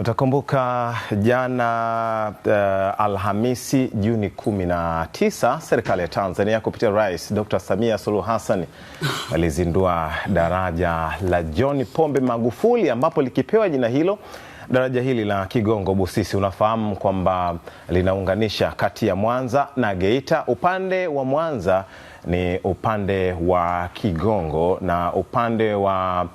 Utakumbuka jana uh, Alhamisi Juni 19, serikali ya Tanzania kupitia Rais Dr. Samia Suluhu Hassan alizindua daraja la John Pombe Magufuli ambapo likipewa jina hilo daraja hili la Kigongo Busisi, unafahamu kwamba linaunganisha kati ya Mwanza na Geita. Upande wa Mwanza ni upande wa Kigongo na upande wa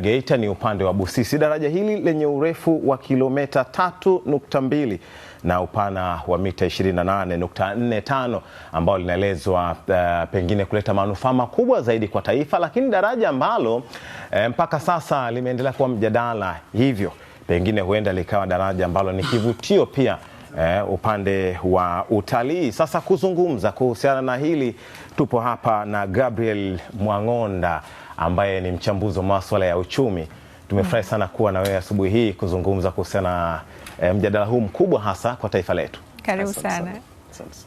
Geita ni upande wa Busisi. Daraja hili lenye urefu wa kilomita 3.2 na upana wa mita 28.45 ambao linaelezwa uh, pengine kuleta manufaa makubwa zaidi kwa taifa, lakini daraja ambalo eh, mpaka sasa limeendelea kuwa mjadala, hivyo pengine huenda likawa daraja ambalo ni kivutio pia eh, upande wa utalii. Sasa kuzungumza kuhusiana na hili tupo hapa na Gabriel Mwang'onda ambaye ni mchambuzi wa maswala ya uchumi. Tumefurahi mm. sana kuwa na wewe asubuhi hii kuzungumza kuhusiana na e, mjadala huu mkubwa hasa kwa taifa letu. Karibu sana.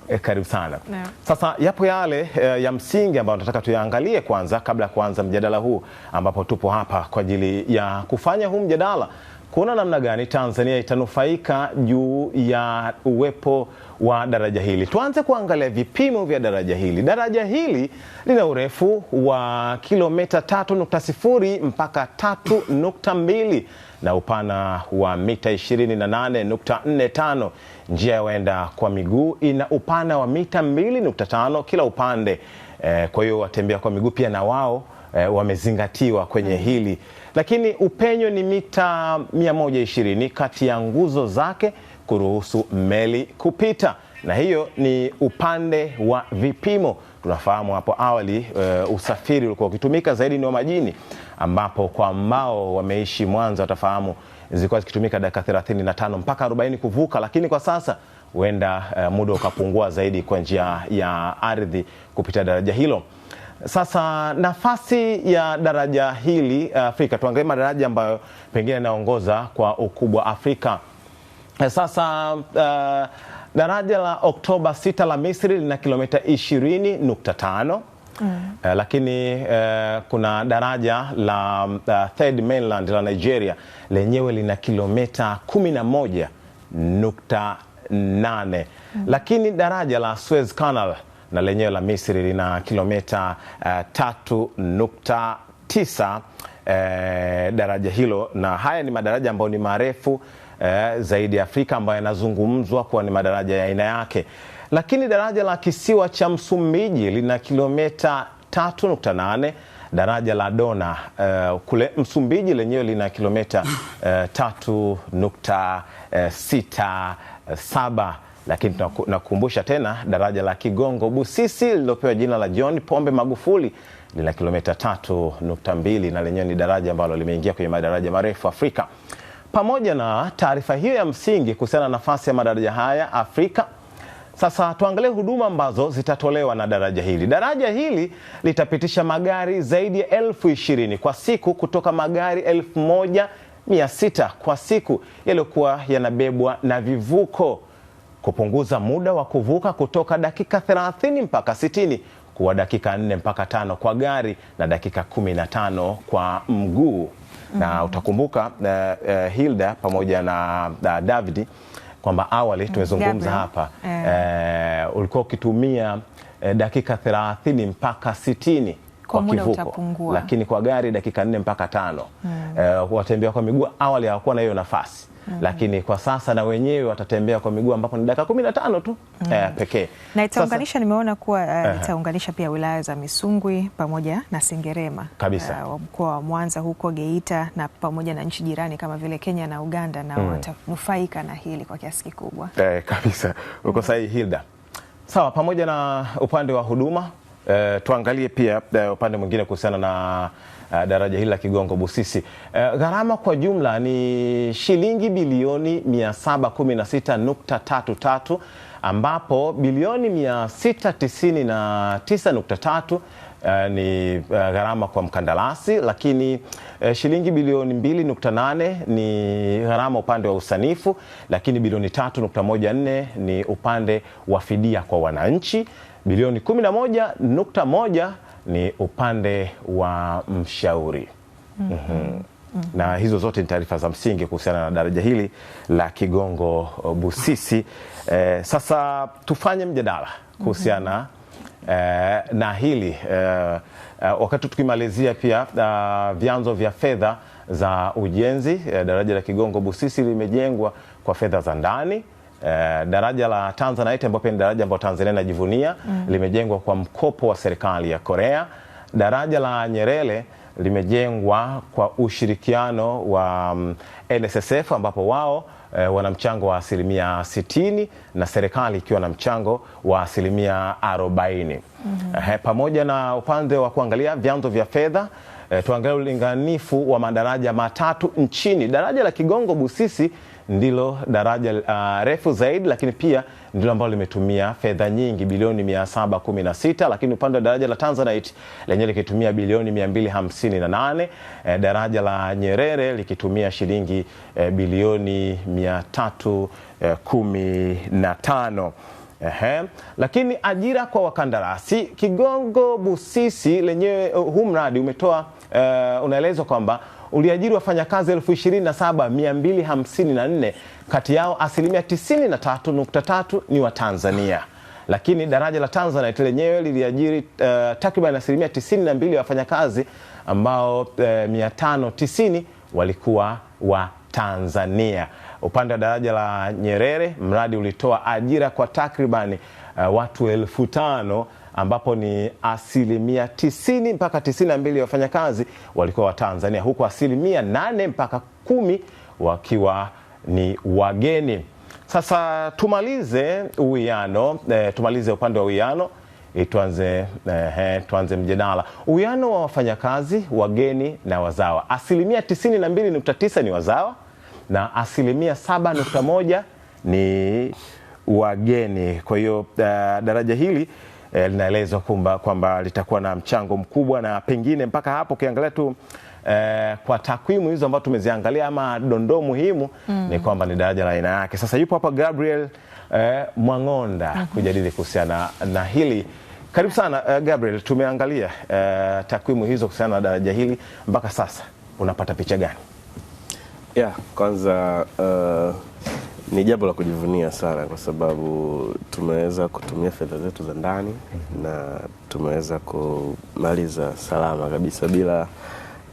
E, karibu sana. No. Sasa yapo yale e, ya msingi ambayo nataka tuyaangalie kwanza kabla ya kuanza mjadala huu ambapo tupo hapa kwa ajili ya kufanya huu mjadala kuona namna gani Tanzania itanufaika juu ya uwepo wa daraja hili. Tuanze kuangalia vipimo vya daraja hili. Daraja hili lina urefu wa kilomita 3.0 mpaka 3.2 na upana wa mita 28.45. Njia ya waenda kwa miguu ina upana wa mita 2.5 kila upande. E, kwa hiyo watembea kwa miguu pia na wao e, wamezingatiwa kwenye hili lakini upenyo ni mita 120 kati ya nguzo zake kuruhusu meli kupita, na hiyo ni upande wa vipimo. Tunafahamu hapo awali uh, usafiri ulikuwa ukitumika zaidi ni wa majini, ambapo kwa ambao wameishi Mwanza watafahamu zilikuwa zikitumika dakika 35 mpaka 40 kuvuka, lakini kwa sasa huenda uh, muda ukapungua zaidi kwa njia ya ardhi kupitia daraja hilo. Sasa nafasi ya daraja hili eh, Afrika, tuangalie madaraja ambayo pengine yanaongoza kwa ukubwa Afrika. Eh, sasa uh, daraja la Oktoba 6 la Misri lina kilomita 20.5. Mm. Uh, lakini uh, kuna daraja la uh, Third Mainland la Nigeria lenyewe lina kilomita 11.8. Mm. Lakini daraja la Suez Canal na lenyewe la Misri lina kilomita eh, tatu nukta tisa eh, daraja hilo, na haya ni madaraja ambayo ni marefu eh, zaidi ya Afrika ambayo yanazungumzwa kuwa ni madaraja ya aina yake. Lakini daraja la kisiwa cha Msumbiji lina kilomita 3.8. Daraja la Dona uh, kule Msumbiji lenyewe lina kilomita uh, 3.67 lakini tunakumbusha tena daraja la Kigongo Busisi lililopewa jina la John Pombe Magufuli lina kilomita 3.2 na lenyewe ni daraja ambalo limeingia kwenye madaraja marefu Afrika. Pamoja na taarifa hiyo ya msingi kuhusiana na nafasi ya madaraja haya Afrika, sasa tuangalie huduma ambazo zitatolewa na daraja hili. Daraja hili litapitisha magari zaidi ya elfu ishirini kwa siku kutoka magari elfu moja mia sita kwa siku yaliyokuwa yanabebwa na vivuko kupunguza muda wa kuvuka kutoka dakika 30 mpaka 60 kuwa dakika 4 mpaka tano kwa gari na dakika 15 kwa mguu. Mm -hmm. Na mhm. utakumbuka uh, uh, Hilda pamoja na uh, David kwamba awali mm, tumezungumza hapa eh. eh, ulikuwa ukitumia eh, dakika 30 mpaka 60 kwa kivuko, lakini kwa gari dakika 4 mpaka tano. Hmm. Eh, watembea kwa miguu awali hawakuwa na hiyo nafasi. Mm. Lakini kwa sasa na wenyewe watatembea kwa miguu ambapo ni dakika kumi na tano tu mm. eh, pekee na itaunganisha sasa, nimeona kuwa uh, uh itaunganisha pia wilaya za Misungwi pamoja na Sengerema kabisa uh, mkoa wa Mwanza huko Geita na pamoja na nchi jirani kama vile Kenya na Uganda na mm. watanufaika na hili kwa kiasi kikubwa eh, kabisa uko sahihi Hilda. Sawa, pamoja na upande wa huduma eh, tuangalie pia eh, upande mwingine kuhusiana na uh, daraja hili la Kigongo Busisi. Uh, gharama kwa jumla ni shilingi bilioni 716.33 ambapo bilioni 699.3 Uh, eh, ni uh, gharama kwa mkandarasi, lakini uh, shilingi bilioni 2.8 ni gharama upande wa usanifu, lakini bilioni 3.14 ni upande wa fidia kwa wananchi, bilioni 11.1 ni upande wa mshauri mm -hmm. Mm -hmm. Na hizo zote ni taarifa za msingi kuhusiana na daraja hili la Kigongo Busisi. Eh, sasa tufanye mjadala kuhusiana mm -hmm. Eh, na hili eh, eh, wakati tukimalizia pia uh, vyanzo vya fedha za ujenzi eh, daraja la Kigongo Busisi limejengwa kwa fedha za ndani Uh, daraja la Tanzanite ambapo ni daraja ambalo Tanzania inajivunia mm. limejengwa kwa mkopo wa serikali ya Korea. Daraja la Nyerere limejengwa kwa ushirikiano wa um, mm, NSSF ambapo wao uh, wana mchango wa asilimia sitini na serikali ikiwa na mchango wa asilimia 40. mm -hmm. Uh, eh, pamoja na upande wa kuangalia vyanzo vya fedha uh, tuangalie ulinganifu wa madaraja matatu nchini. Daraja la Kigongo Busisi ndilo daraja uh, refu zaidi, lakini pia ndilo ambalo limetumia fedha nyingi bilioni 716, lakini upande wa daraja la Tanzanite lenyewe likitumia bilioni 258, eh, daraja la Nyerere likitumia shilingi eh, bilioni 315. Eh, Ehe. Lakini ajira kwa wakandarasi Kigongo Busisi lenyewe, uh, huu mradi umetoa uh, unaelezwa kwamba uliajiri wafanyakazi 27254 kati yao asilimia 93.3 ni Watanzania lakini daraja la Tanzanite lenyewe liliajiri uh, takriban asilimia 92 ya wafanyakazi ambao uh, eh, 590 walikuwa wa Tanzania. Upande wa daraja la Nyerere, mradi ulitoa ajira kwa takribani uh, eh, watu elfu tano ambapo ni asilimia tisini mpaka tisini mbili ya wafanyakazi walikuwa wa Tanzania huku asilimia nane mpaka kumi wakiwa ni wageni. Sasa tumalize uwiano e, tumalize upande wa uwiano e, tuanze, e, tuanze mjadala uwiano wa wafanyakazi wageni na wazawa. Asilimia 92.9 ni wazawa na asilimia 7.1 ni wageni. Kwa hiyo uh, daraja hili eh, linaelezwa kwamba litakuwa na mchango mkubwa na pengine mpaka hapo ukiangalia tu Eh, kwa takwimu hizo ambazo tumeziangalia ama dondoo muhimu mm. ni kwamba ni daraja la aina yake. Sasa yupo hapa Gabriel eh, Mwang'onda mm -hmm. kujadili kuhusiana na hili. Karibu sana eh, Gabriel, tumeangalia eh, takwimu hizo kuhusiana na daraja hili mpaka sasa unapata picha gani? Yeah, kwanza uh, ni jambo la kujivunia sana kwa sababu tumeweza kutumia fedha zetu za ndani na tumeweza kumaliza salama kabisa bila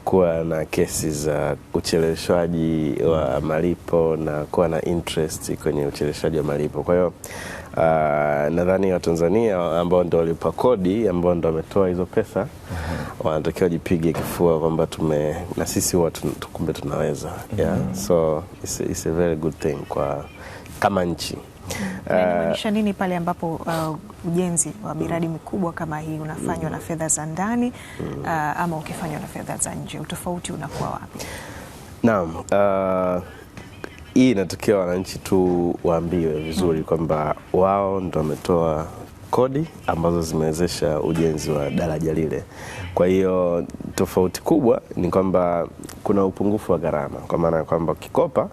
kuwa na kesi za ucheleweshaji wa malipo na kuwa na interest kwenye ucheleweshaji wa malipo. Kwa hiyo Uh, nadhani Watanzania ambao ndo walipa kodi ambao ndo wametoa hizo pesa uh -huh. wanatakiwa wajipige kifua kwamba tume na sisi huwa kumbe tunaweza yeah. Mm-hmm. so it's, it's a very good thing kwa kama nchi ah, inamaanisha uh, nini pale ambapo uh, ujenzi wa miradi mm. mikubwa kama hii unafanywa na mm. fedha za ndani uh, ama ukifanywa na fedha za nje, utofauti unakuwa wapi? Naam. Uh, hii inatokea wananchi tu waambiwe vizuri mm. kwamba wao ndo wametoa kodi ambazo zimewezesha ujenzi wa daraja lile. Kwa hiyo tofauti kubwa ni kwamba kuna upungufu wa gharama, kwa maana ya kwamba ukikopa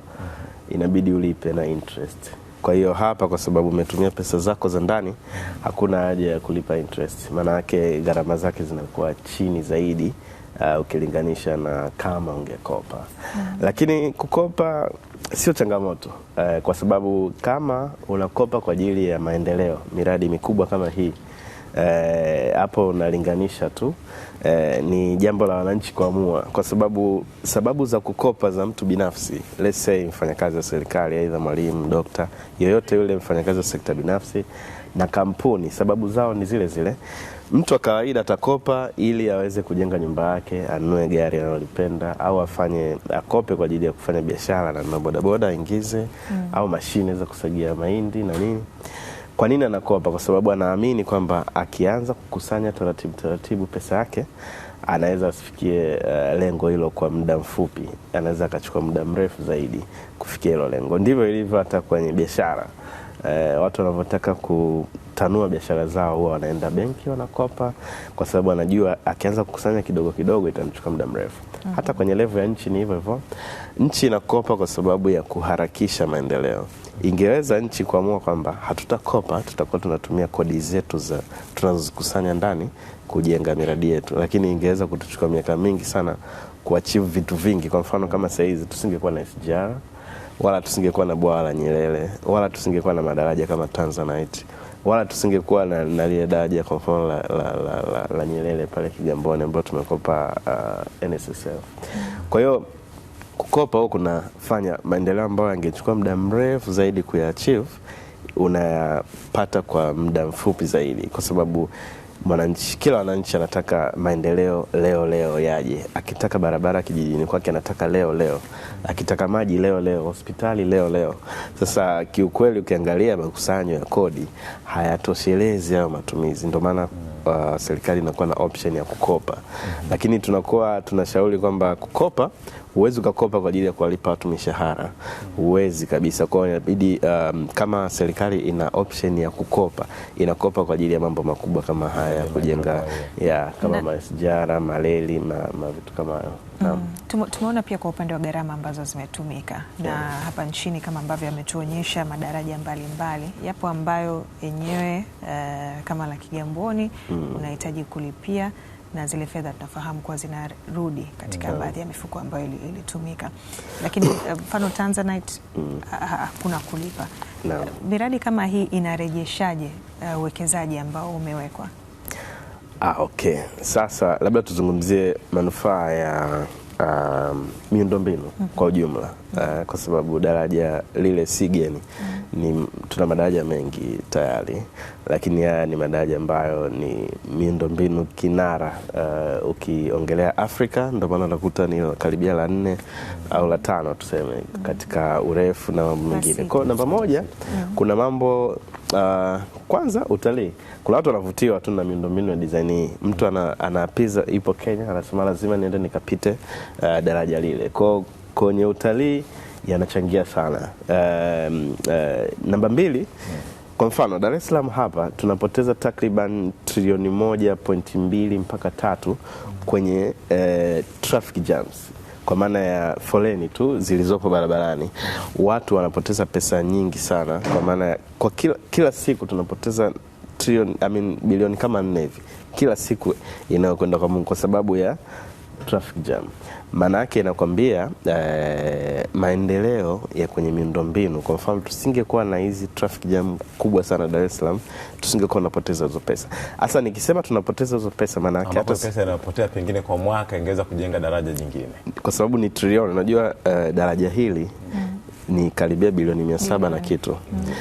inabidi ulipe na interest. Kwa hiyo hapa, kwa sababu umetumia pesa zako za ndani, hakuna haja ya kulipa interest, maana yake gharama zake zinakuwa chini zaidi uh, ukilinganisha na kama ungekopa mm. Lakini kukopa sio changamoto uh, kwa sababu kama unakopa kwa ajili ya maendeleo, miradi mikubwa kama hii uh, hapo uh, unalinganisha tu uh, ni jambo la wananchi kuamua, kwa sababu sababu za kukopa za mtu binafsi, let's say mfanyakazi wa serikali, aidha mwalimu, dokta, yoyote yule mfanyakazi wa sekta binafsi na kampuni, sababu zao ni zile zile Mtu wa kawaida atakopa ili aweze kujenga nyumba yake, anunue gari analolipenda au afanye akope kwa ajili ya kufanya biashara, ananunua bodaboda aingize, mm. au mashine za kusagia mahindi na nini. Kwa nini anakopa? Kwa sababu anaamini kwamba akianza kukusanya taratibu taratibu pesa yake anaweza asifikie uh, lengo hilo kwa muda mfupi, anaweza akachukua muda mrefu zaidi kufikia hilo lengo. Ndivyo ilivyo hata kwenye biashara eh, watu wanavyotaka kutanua biashara zao huwa wanaenda benki wanakopa, kwa sababu anajua akianza kukusanya kidogo kidogo itamchukua muda mrefu. mm -hmm. Hata kwenye levu ya nchi ni hivyo hivyo, nchi inakopa kwa sababu ya kuharakisha maendeleo. Ingeweza nchi kuamua kwamba hatutakopa, tutakuwa tunatumia kodi zetu za tunazozikusanya ndani kujenga miradi yetu, lakini ingeweza kutuchukua miaka mingi sana kuachivu vitu vingi. Kwa mfano kama sahizi tusingekuwa na SGR wala tusingekuwa na bwawa la Nyerere, wala tusingekuwa na madaraja kama Tanzanite, wala tusingekuwa na, na lile daraja kwa mfano la, la, la, la, la Nyerere pale Kigamboni ambayo tumekopa uh, NSSF. Kwa hiyo kukopa huu kunafanya maendeleo ambayo yangechukua muda mrefu zaidi kuya unayapata kwa muda mfupi zaidi, kwa sababu mwananchi, kila wananchi anataka maendeleo leo leo yaje. Akitaka barabara kijijini kwake anataka leo leo, akitaka maji leo leo, hospitali leo leo. Sasa kiukweli, ukiangalia makusanyo ya kodi hayatoshelezi hayo matumizi, ndio maana uh, serikali inakuwa na option ya kukopa, lakini tunakuwa tunashauri kwamba kukopa huwezi ukakopa kwa ajili ya kuwalipa watu mishahara, huwezi kabisa. Kwa hiyo inabidi um, kama serikali ina option ya kukopa, inakopa kwa ajili ya mambo makubwa kama haya ya kujenga ya kama masjara, maleli ma, ma vitu kama hayo. Mm. Tumeona pia kwa upande wa gharama ambazo zimetumika na yeah. Hapa nchini kama ambavyo ametuonyesha madaraja mbalimbali mbali. Yapo ambayo yenyewe uh, kama la Kigamboni mm. unahitaji kulipia na zile fedha tunafahamu kuwa zinarudi katika mm baadhi ya mifuko ambayo ilitumika ili lakini eh, mfano uh, Tanzanite mm hakuna uh, kulipa no. Eh, miradi kama hii inarejeshaje eh, uwekezaji uh, ambao umewekwa? Ah, okay. Sasa labda tuzungumzie manufaa ya um, miundombinu mm -hmm. kwa mhm. ujumla uh, kwa sababu daraja lile si geni Ni, tuna madaraja mengi tayari, lakini haya ni madaraja ambayo ni miundombinu kinara uh, ukiongelea Afrika, ndio maana unakuta ni karibia la nne au la tano tuseme mm. katika urefu na mambo mengine. Kwa namba moja kuna mambo Uh, kwanza utalii, kuna watu wanavutiwa tu na miundombinu ya design hii. Mtu anapiza ana ipo Kenya, anasema lazima niende nikapite uh, daraja lile kwa kwenye utalii yanachangia sana. Um, uh, namba mbili, kwa mfano Dar es Salaam hapa tunapoteza takriban trilioni moja pointi mbili mpaka tatu kwenye uh, traffic jams kwa maana ya foleni tu zilizopo barabarani, watu wanapoteza pesa nyingi sana, kwa maana kwa kila, kila siku tunapoteza trilioni, I mean, bilioni kama nne hivi kila siku inayokwenda kwa Mungu kwa sababu ya traffic jam maana yake inakwambia eh, maendeleo ya kwenye miundombinu. Kwa mfano, tusingekuwa na hizi traffic jam kubwa sana Dar es Salaam, tusingekuwa tunapoteza hizo pesa. Hasa nikisema tunapoteza hizo pesa, maana yake hata pesa inapotea pengine kwa mwaka ingeweza kujenga daraja jingine, kwa sababu ni trilioni. Unajua eh, daraja hili mm. ni karibia bilioni mia saba mm. na kitu mm.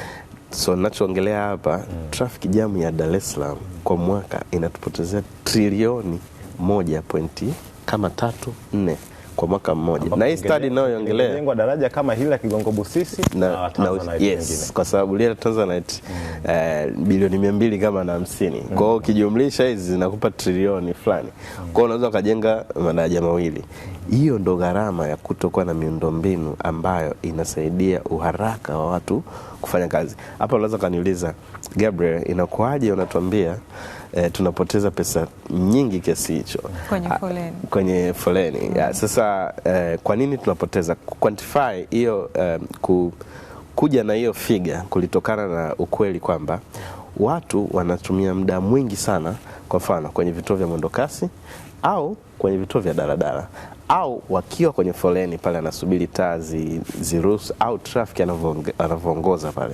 So nachoongelea hapa mm. traffic jam ya Dar es Salaam kwa mwaka inatupotezea trilioni moja pointi kama tatu nne kwa mwaka mmoja, na hii study inayoongelea jengo daraja kama hili la Kigongo Busisi na, na yes, kwa sababu lile Tanzanite mm. Eh, bilioni mia mbili kama na hamsini mm. kwa hiyo ukijumlisha hizi zinakupa trilioni fulani mm. kwa hiyo unaweza ukajenga madaraja mawili. Hiyo ndo gharama ya kutokuwa na miundombinu ambayo inasaidia uharaka wa watu kufanya kazi. Hapa unaweza kaniuliza Gabriel, inakuwaje unatuambia eh, tunapoteza pesa nyingi kiasi hicho kwenye ah, foleni, kwenye foleni. Mm. Yeah, sasa eh, kwa nini tunapoteza quantify hiyo eh, ku, kuja na hiyo figa kulitokana na ukweli kwamba watu wanatumia muda mwingi sana, kwa mfano kwenye vituo vya mwendokasi au kwenye vituo vya daladala au wakiwa kwenye foleni pale, anasubiri taa ziruhusu au trafiki anavyoongoza pale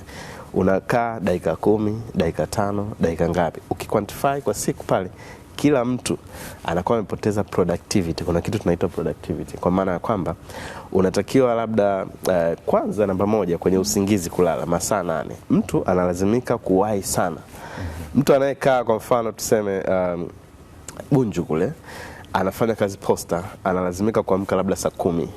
unakaa dakika kumi, dakika tano, dakika ngapi? ukiquantify kwa siku pale, kila mtu anakuwa amepoteza productivity. Kuna kitu tunaitwa productivity, kwa maana ya kwamba unatakiwa labda, uh, kwanza namba moja kwenye usingizi, kulala masaa nane. Mtu analazimika kuwahi sana. Mtu anayekaa kwa mfano tuseme, um, Bunju kule anafanya kazi posta, analazimika kuamka labda saa kumi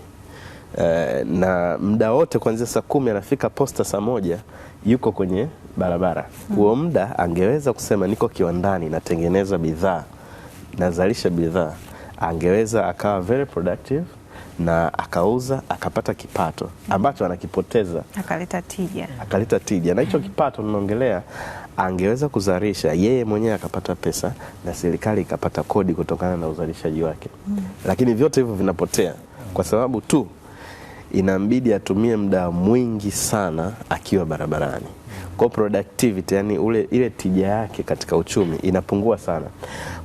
Eh, na muda wote kuanzia saa kumi anafika posta saa moja yuko kwenye barabara huo. mm. muda angeweza kusema niko kiwandani natengeneza bidhaa nazalisha bidhaa, angeweza akawa very productive na akauza akapata kipato ambacho anakipoteza, akaleta tija, akaleta tija na hicho mm. kipato naongelea angeweza kuzalisha yeye mwenyewe akapata pesa na serikali ikapata kodi kutokana na uzalishaji wake mm lakini vyote hivyo vinapotea kwa sababu tu inambidi atumie muda mwingi sana akiwa barabarani. Kwa productivity, yani ule, ile tija yake katika uchumi inapungua sana,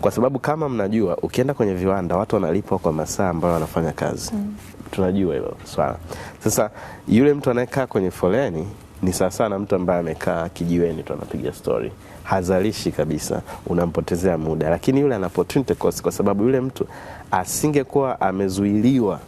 kwa sababu kama mnajua, ukienda kwenye viwanda watu wanalipwa kwa masaa ambayo wanafanya kazi mm. Tunajua hilo swala. Sasa yule mtu anayekaa kwenye foleni ni sawa sana mtu ambaye amekaa kijiweni tu anapiga stori, hazalishi kabisa, unampotezea muda. Lakini yule ana opportunity cost, kwa sababu yule mtu asingekuwa amezuiliwa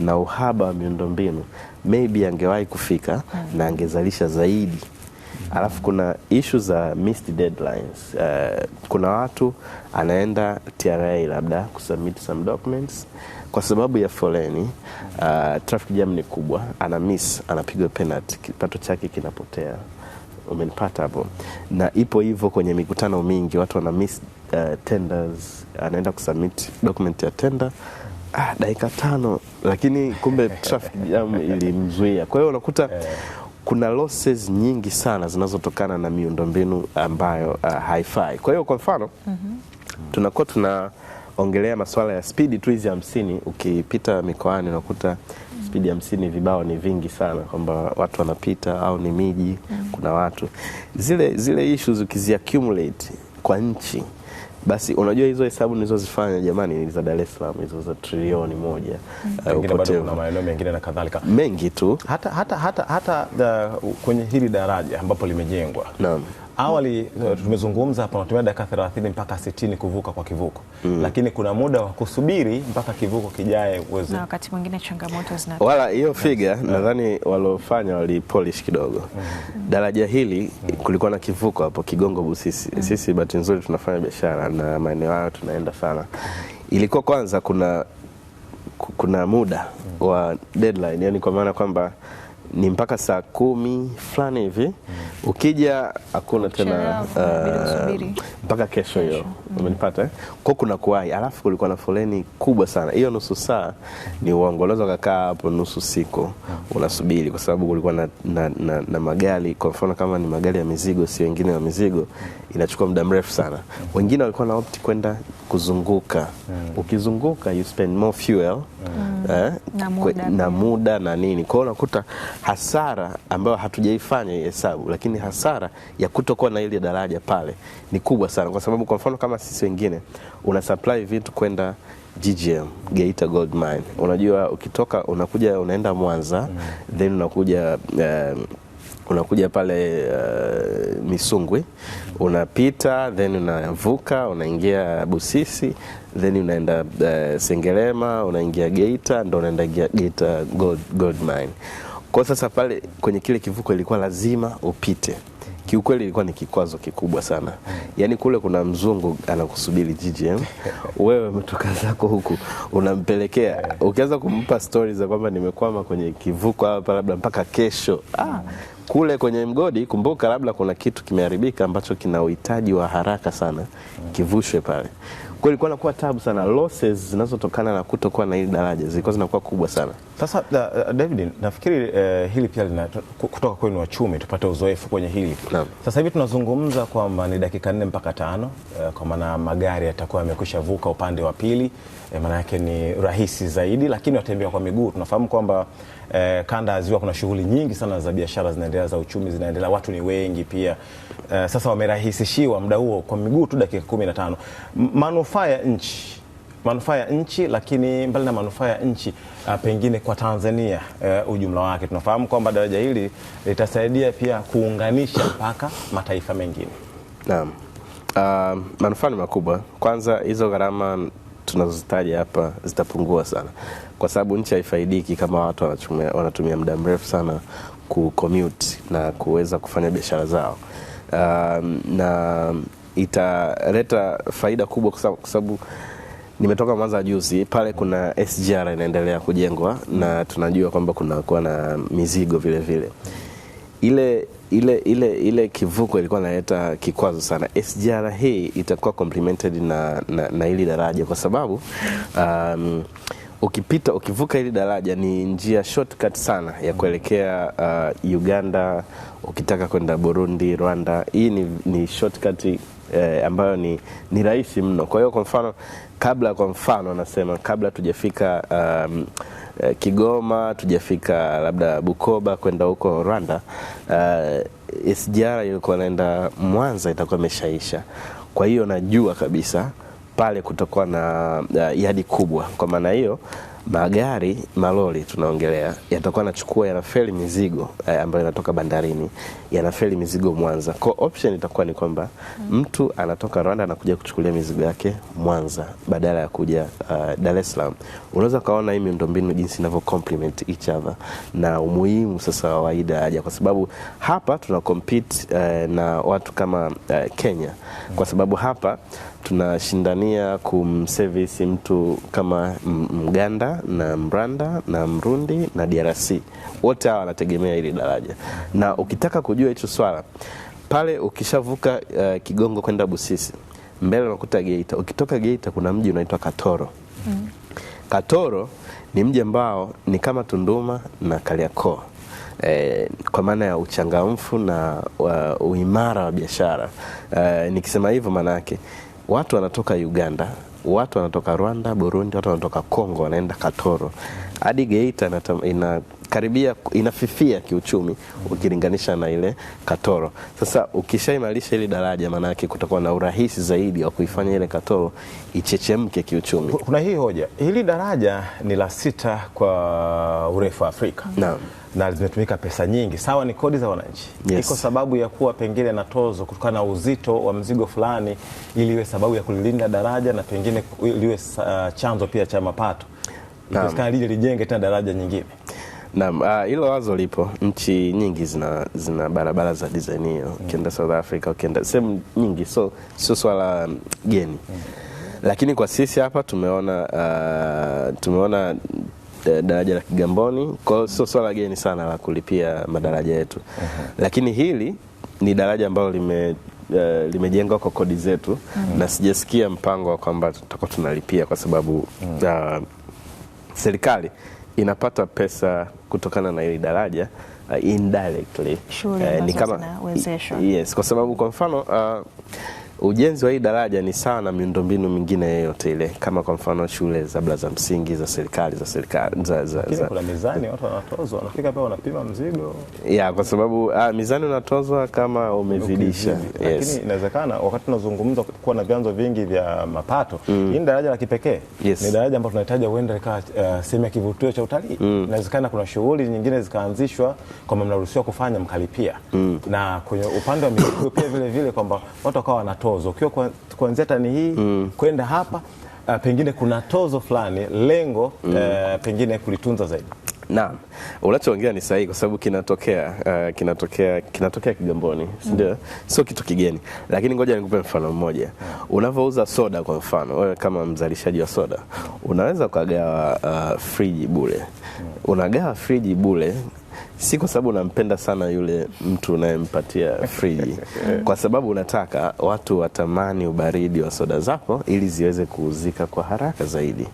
na uhaba wa miundombinu maybe angewahi kufika mm. na angezalisha zaidi mm. alafu kuna ishu za missed deadlines. Uh, kuna watu anaenda TRA labda kusubmit some documents kwa sababu ya foleni uh, traffic jam ni kubwa, ana miss, anapigwa penalty, kipato chake kinapotea. Umenipata hapo? Na ipo hivyo kwenye mikutano mingi, watu wana miss uh, tenders, anaenda kusubmit document ya tender ah, dakika tano, lakini kumbe traffic jam ilimzuia. Kwa hiyo unakuta eh. kuna losses nyingi sana zinazotokana na miundombinu ambayo uh, haifai. Kwa hiyo kwa mfano mm -hmm. tunakuwa tunaongelea masuala ya spidi tu hizi hamsini, ukipita mikoani unakuta mhm. spidi hamsini vibao ni vingi sana, kwamba watu wanapita au ni miji mm -hmm. kuna watu zile, zile issues ukizi accumulate kwa nchi basi unajua hizo hesabu nilizozifanya jamani, ni za Dar es Salaam hizo za trilioni moja. Hmm. Eh, Pengine kuna maeneo mengine na kadhalika mengi tu, hata, hata, hata, hata the, uh, kwenye hili daraja ambapo limejengwa naam awali eh, tumezungumza hapa natumia dakika 30 mpaka 60 kuvuka kwa kivuko mm. Lakini kuna muda wa kusubiri mpaka kivuko kijae uweze, na wakati mwingine changamoto zinatokea. wala hiyo figa mm. Nadhani waliofanya walipolish kidogo mm. Daraja hili mm. kulikuwa na kivuko hapo Kigongo Busisi mm. Sisi bahati nzuri tunafanya biashara na maeneo hayo tunaenda sana. Mm. Ilikuwa kwanza kuna kuna muda mm. wa deadline, yani kwa maana kwamba ni mpaka saa kumi fulani hivi mm Ukija hakuna tena uh, mpaka uh, kesho hiyo umenipata mm. Umenipata eh? kwa kuna kuwahi, alafu kulikuwa na foleni kubwa sana. Hiyo nusu saa ni uongo, unaweza ukakaa hapo nusu siku mm. unasubiri, kwa sababu kulikuwa na, na, na, na magari. Kwa mfano kama ni magari ya mizigo, si wengine wa mizigo, inachukua muda mrefu sana. Mm. Wengine walikuwa na opti kwenda kuzunguka mm. Ukizunguka you spend more fuel mm. eh, na, muda, kwe, na muda na nini, kwa hiyo unakuta hasara ambayo hatujaifanya hesabu lakini lakini hasara ya kutokuwa na ile daraja pale ni kubwa sana, kwa sababu kwa mfano kama sisi wengine una supply vitu kwenda GGM Geita Gold Mine, unajua ukitoka unakuja unaenda Mwanza mm. then unakuja um, unakuja pale uh, Misungwi unapita then unavuka unaingia Busisi then unaenda uh, Sengerema unaingia Geita ndo unaenda Geita Gold, Gold Mine. Kwa sasa pale kwenye kile kivuko ilikuwa lazima upite. Kiukweli ilikuwa ni kikwazo kikubwa sana, yaani kule kuna mzungu anakusubiri eh? GGM, wewe umetoka zako huku unampelekea, ukianza kumpa stori za kwamba nimekwama kwenye kivuko hapa labda mpaka kesho ah, kule kwenye mgodi, kumbuka labda kuna kitu kimeharibika ambacho kina uhitaji wa haraka sana kivushwe pale. Kwa ilikuwa nakuwa tabu sana, losses zinazotokana na kutokuwa na hili daraja zilikuwa zinakuwa kubwa sana. Sasa uh, David nafikiri uh, hili pia lina kutoka kwenu wachumi tupate uzoefu kwenye hili na. Sasa hivi tunazungumza kwamba ni dakika nne mpaka tano uh, kwa maana magari yatakuwa yamekwisha vuka upande wa pili uh, maana yake ni rahisi zaidi, lakini watembea kwa miguu tunafahamu kwamba uh, kanda ya ziwa kuna shughuli nyingi sana za biashara zinaendelea, za uchumi zinaendelea, watu ni wengi pia uh, sasa wamerahisishiwa muda huo kwa miguu tu dakika kumi na tano manufaa ya nchi manufaa ya nchi, lakini mbali na manufaa ya nchi uh, pengine kwa Tanzania uh, ujumla wake, tunafahamu kwamba daraja hili litasaidia pia kuunganisha mpaka mataifa mengine. Naam, uh, manufaa ni makubwa. Kwanza hizo gharama tunazozitaja hapa zitapungua sana, kwa sababu nchi haifaidiki kama watu wanatumia, wanatumia muda mrefu sana commute na kuweza kufanya biashara zao uh, na italeta faida kubwa kwa sababu Nimetoka Mwanza juzi pale, kuna SGR inaendelea kujengwa na tunajua kwamba kunakuwa na mizigo vile vile. Ile ile ile ile kivuko ilikuwa inaleta kikwazo sana. SGR hii itakuwa complemented na, na, na ili daraja kwa sababu um, ukipita ukivuka hili daraja ni njia shortcut sana ya kuelekea uh, Uganda ukitaka kwenda Burundi, Rwanda. Hii ni, ni shortcut eh, ambayo ni, ni rahisi mno. Kwa hiyo kwa mfano kabla kwa mfano nasema kabla tujafika um, eh, Kigoma tujafika labda Bukoba kwenda huko Rwanda, uh, eh, SGR ilikuwa naenda Mwanza itakuwa imeshaisha. Kwa hiyo najua kabisa pale kutokuwa na uh, eh, yadi kubwa. Kwa maana hiyo magari malori tunaongelea yatakuwa nachukua yanaferi mizigo eh, ambayo inatoka bandarini yanaferi mizigo Mwanza. Kwa option itakuwa ni kwamba mtu anatoka Rwanda anakuja kuchukulia mizigo yake Mwanza badala ya kuja uh, Dar es Salaam. Unaweza kaona hii miundombinu jinsi inavyo complement each other na umuhimu sasa wa waida aja, kwa sababu hapa tuna compete uh, na watu kama uh, Kenya, kwa sababu hapa tunashindania kumservice mtu kama Mganda na Mranda na Mrundi na DRC. Wote hawa wanategemea hili daraja, na ukitaka kujua hicho swala pale, ukishavuka uh, Kigongo kwenda Busisi, mbele unakuta Geita. Ukitoka Geita kuna mji unaitwa Katoro. mm. Katoro ni mji ambao ni kama Tunduma na Kariakoo e, kwa maana ya uchangamfu na wa, uimara wa biashara e, nikisema hivyo maana yake watu wanatoka Uganda, watu wanatoka Rwanda, Burundi, watu wanatoka Kongo, wanaenda Katoro hadi Geita inakaribia, inafifia kiuchumi ukilinganisha na ile Katoro. Sasa ukishaimarisha ile daraja, maana yake kutakuwa na urahisi zaidi wa kuifanya ile Katoro ichechemke kiuchumi. Kuna hii hoja, hili daraja ni la sita kwa urefu wa Afrika. Naam na zimetumika pesa nyingi. Sawa, ni kodi za wananchi yes. Iko sababu ya kuwa pengine na tozo kutokana na uzito wa mzigo fulani, ili iwe sababu ya kulilinda daraja na pengine liwe uh, chanzo pia cha mapato, ikiwezekana lije lijenge tena daraja nyingine. Naam, uh, hilo uh, wazo lipo. Nchi nyingi zina, zina barabara za design hiyo, mm. ukienda South Africa, ukienda sehemu nyingi, so sio swala geni mm. Lakini kwa sisi hapa tumeona uh, tumeona Eh, daraja la Kigamboni. Kwa hiyo sio swala geni sana la kulipia madaraja yetu, uh-huh. lakini hili ni daraja ambalo lime Uh, limejengwa kwa kodi zetu mm. na sijasikia mpango wa kwamba tutakuwa tunalipia kwa sababu mm. uh, serikali inapata pesa kutokana na hili daraja uh, indirectly uh, ni kama yes, kwa sababu kwa mfano uh, ujenzi wa hii daraja ni sawa na miundombinu mingine yoyote ile, kama kwa mfano shule za bla za msingi za serikali za serikali za, za, za. Kuna mizani watu wanatozwa, wanafika pale wanapima mzigo ya kwa sababu a, ah, mizani unatozwa kama umezidisha okay. Yes. Lakini inawezekana wakati tunazungumza kuwa na vyanzo vingi vya mapato mm. Hii daraja la kipekee yes. Ni daraja ambalo tunahitaji huenda kwa uh, eh, sehemu ya kivutio cha utalii mm. Inawezekana kuna shughuli nyingine zikaanzishwa kwamba mnaruhusiwa kufanya mkalipia mm. Na kwenye upande wa mizigo pia vile vile kwamba watu wakawa wanatoa tozo ukiwa kuanzia tani hii mm. kwenda hapa uh, pengine kuna tozo fulani lengo mm. uh, pengine kulitunza zaidi. Naam, unachoongea ni sahihi kwa sababu kinatokea uh, kinatokea kinatokea Kigamboni, si mm. ndio? Sio kitu kigeni, lakini ngoja nikupe mfano mmoja. Unavyouza soda kwa mfano, wewe kama mzalishaji wa soda unaweza ukagawa uh, friji bure, mm. unagawa friji bure si kwa sababu unampenda sana yule mtu unayempatia friji, kwa sababu unataka watu watamani ubaridi wa soda zako ili ziweze kuuzika kwa haraka zaidi.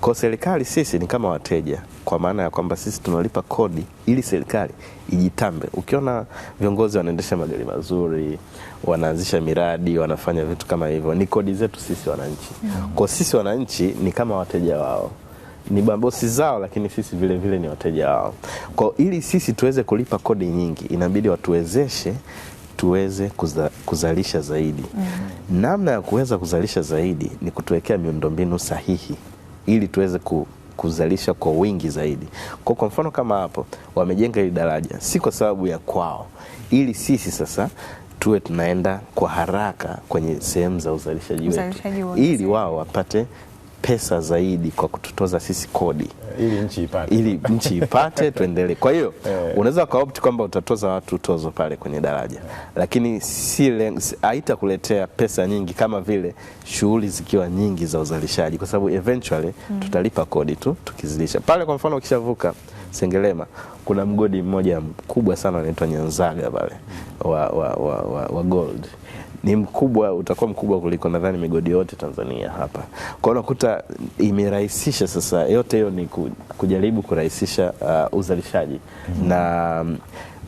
Kwa serikali sisi ni kama wateja, kwa maana ya kwamba sisi tunalipa kodi ili serikali ijitambe. Ukiona viongozi wanaendesha magari mazuri, wanaanzisha miradi, wanafanya vitu kama hivyo, ni kodi zetu sisi wananchi. Mm. Kwa sisi wananchi ni kama wateja wao ni mabosi zao, lakini sisi vile vile ni wateja wao. Kwa ili sisi tuweze kulipa kodi nyingi, inabidi watuwezeshe tuweze kuza, kuzalisha zaidi mm -hmm. Namna ya kuweza kuzalisha zaidi ni kutuwekea miundombinu sahihi ili tuweze ku, kuzalisha kwa wingi zaidi. Kwa kwa mfano kama hapo wamejenga hili daraja si kwa sababu ya kwao, ili sisi sasa tuwe tunaenda kwa haraka kwenye sehemu za uzalishaji wetu ili wao wapate pesa zaidi kwa kututoza sisi kodi ili nchi ipate, ili nchi ipate tuendelee. Kwa hiyo yeah. unaweza ukaopt kwamba utatoza watu tozo pale kwenye daraja yeah. lakini si haitakuletea pesa nyingi kama vile shughuli zikiwa nyingi za uzalishaji, kwa sababu eventually mm. tutalipa kodi tu tukizilisha pale. Kwa mfano ukishavuka Sengerema kuna mgodi mmoja mkubwa sana unaitwa Nyanzaga pale wa, wa, wa, wa, wa gold ni mkubwa, utakuwa mkubwa kuliko nadhani migodi yote Tanzania hapa. Kwa unakuta imerahisisha sasa, yote hiyo ni kujaribu kurahisisha uh, uzalishaji mm -hmm. na um,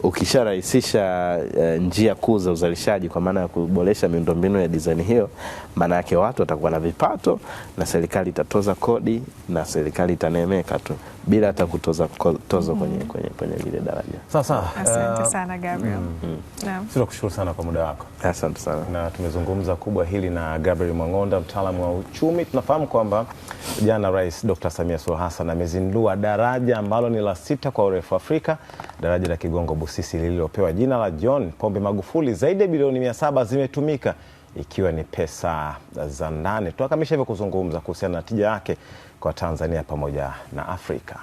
ukisharahisisha uh, njia kuu za uzalishaji kwa maana ya kuboresha miundombinu ya design hiyo, maana yake watu watakuwa na vipato na serikali itatoza kodi na serikali itaneemeka tu bila hata kutoza tozo kwenye, kwenye, kwenye lile daraja. Sawa sawa. Asante eh, sana Gabriel. Mm, mm. Naam. kushukuru sana kwa muda wako. Asante sana. Na tumezungumza kubwa hili na Gabriel Mwang'onda, mtaalamu wa uchumi. Tunafahamu kwamba jana Rais Dr. Samia Suluhu Hassan amezindua daraja ambalo ni la sita kwa urefu Afrika, daraja la Kigongo Busisi lililopewa jina la John Pombe Magufuli. Zaidi ya bilioni mia saba zimetumika ikiwa ni pesa za ndani. Tuakamisha hivyo kuzungumza kuhusiana na tija yake kwa Tanzania pamoja na Afrika.